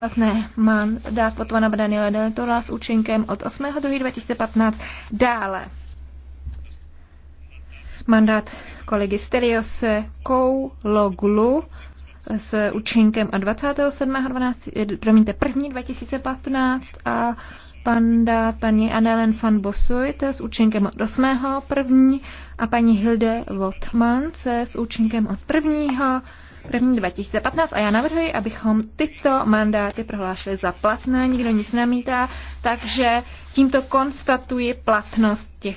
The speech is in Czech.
platné mandát potvana Daniela Deltola s účinkem od 8.2.2015 dále. Mandát kolegy Steliose Kouloglu s účinkem od 27.12. Eh, promiňte, 1.2015 a mandát paní Annelen van Bosuit s účinkem od 8.1. a paní Hilde Wotman se s účinkem od 1 první 2015 a já navrhuji, abychom tyto mandáty prohlásili za platné, nikdo nic nemítá, takže tímto konstatuji platnost těch